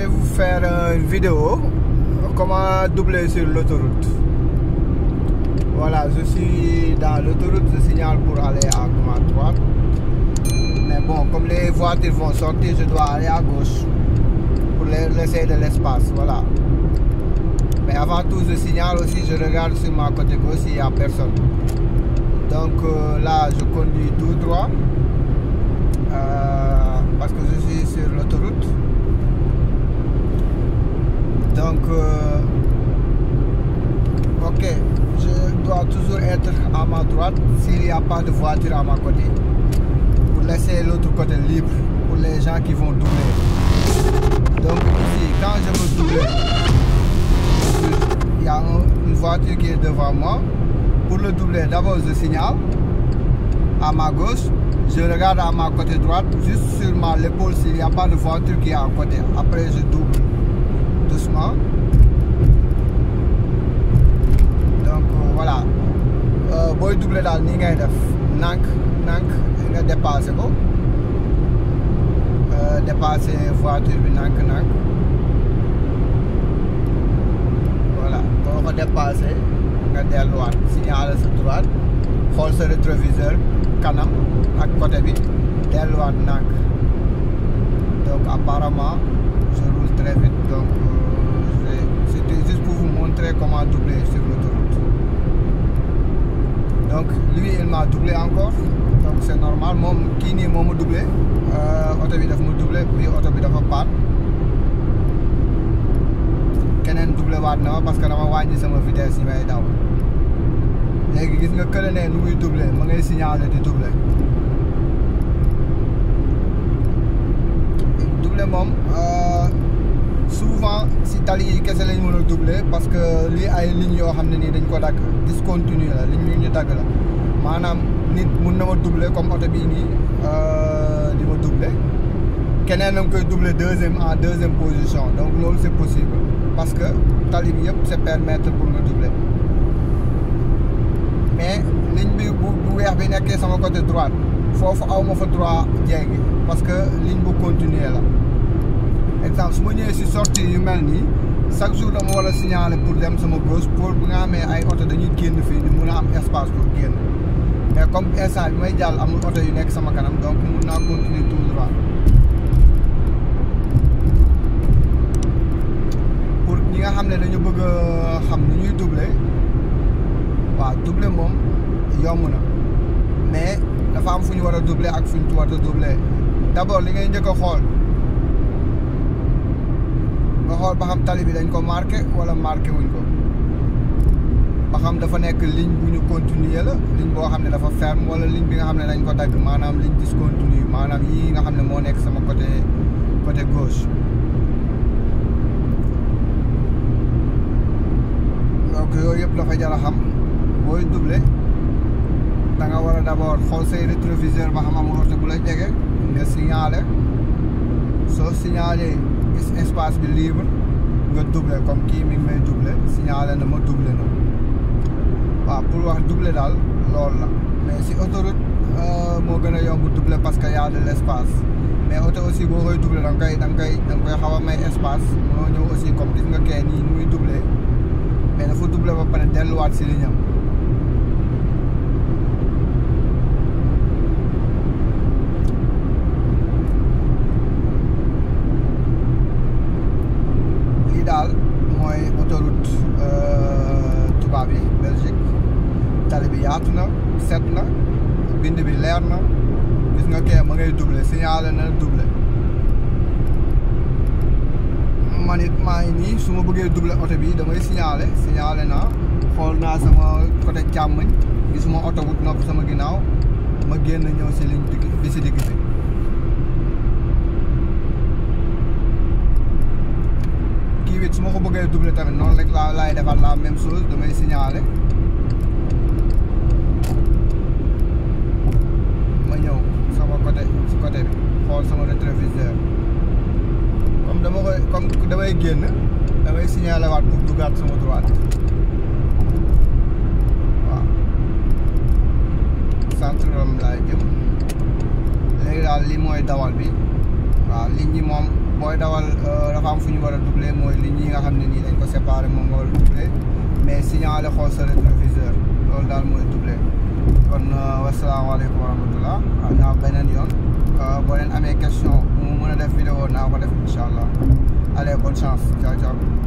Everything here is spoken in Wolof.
vais vous faire euh, une vidéo comment sur l'autoroute. Voilà, je suis dans l'autoroute, je signale pour aller à droite. Mais bon, comme les voitures vont sortir, je dois aller à gauche pour laisser de l'espace. Voilà. Mais avant tout, je signale aussi, je regarde sur ma côté gauche a personne. Donc euh, là, je conduis tout droit euh, que je suis sur l'autoroute. Donc, euh, ok, je dois toujours être à ma droite s'il n'y a pas de voiture à ma côté. Pour laisser l'autre côté libre pour les gens qui vont doubler. Donc ici, quand je veux doubler, y a une voiture qui est devant moi. Pour le doubler, d'abord je signale à ma gauche je regarde à ma côté droite, juste sur ma l'épaule s'il n'y a pas de voiture qui est à côté. je double. doucement. donc voilà euh, booy doubler daal ni ngay def nànk nànk nga dépassé ko euh, dépassé voiture bi nànk nànk voilà boo ko dépassé nga delluwaat signalé sa droite xool sa rétroviseur kanam ak côté bi delluwaat nànk donc apparemment je roule très vite donc euh, c'était juste pour vous montrer comment doubler sur l'autoroute donc lui il m'a doublé encore donc c'est normal moom kii nii moom ma doublé oto bi daf mu doublé bi oto bi dafa paat keneen doublé waat na ma parce que dama wàññi sama vitesse yi may daw léegi gis nga kële ne nu muy doublé ma ngay signaler di doublé ne moom euh, souvent si tali yi kese lañ mën a duble parce que lii ay lignes yoo xam ne nii dañ ko dagg discontinu la ligne yu ñu dagg la maanaam nit mun na ma doubler comme oto bii nii euh, di ma duble keneen na nga koy duble deuxième en deuxième position donc loolu c'est possible parce que tali bi yëpp c'est permettre pour nga doubler mais ligne bi bu bu weex bi nekkee sama côté droite foofu aw ma fa droit jéegi parce que ligne bu continuer la exemple su ma ñëwee si sortie yu mel nii chaque jour dama war a signaler pour dem sama bos pour bu nga amee ay oto dañuy génn fii ñu mun a am espace pour génn mais comme instant bi may jàll amul oto yu nekk sama kanam donc mun naa continuer tout droit ñi nga xam ne dañu bëgg a xam ni ñuy doubler waaw doubler moom yomb na mais dafa am fu ñu war a doubler ak fu ñu war a doubler d'abord li ngay njëkk a xool. nga xool ba xam tali bi dañ ko marqué wala marqué wuñ ko ba xam dafa nekk ligne bu ñu continuer la ligne boo xam ne dafa ferme wala ligne bi nga xam ne dañ ko dagg maanaam ligne discontinue maanaam yii nga xam ne moo nekk sama côté côté gauche donc yooyu yëpp dafa jar a xam booy doublé da war a d'abord xool say rétroviseur ba xam amul oto bu la jege nga signalé soo signalé espace bi libre nga doublé comme kii mi ngi may doublé signalé na ma doublé na waaw pour wax doublé daal loolu la mais si autoroute euh, moo gën a yomb doublé parce que y a de l' espace mais oto aussi boo koy doublé da nga koy da koy da nga koy xaw a may espace moo ñëw aussi comme gis nga kee nii muy duble mais dafa doublé ba pare delluwaat si liñam yaatu na set na bind bi leer na gis nga kee ma ngay doublé signalé na doublé ma it maa ngi nii su ma bëggee doublé oto bi damay signalé signalé na xool naa sama côté càmmoñ gisuma oto bu nopp sama ginnaaw ma génn ñëw si ligne digg bi si digg bi kii wit su ma ko bëggee doublé tamit noonu rek laa laay defal la même chose damay signalé may génn damay signalé waat pour léegi daal li mooy dawal bi waaw ligne yi moom mooy dawal euh, dafa am fu ñu war a mooy ligne yi nga xam ne nii dañ ko séparé moom nga war a doublé mais signalé xool sa rétroviseur loolu daal mooy doublé kon euh, wasalaamaaleykum wa rahmatullah am naa beneen yoon euh, boo leen amee question mu mën a def vidéo naa ko def incha allah Allez, bonne chance. Ciao, ciao.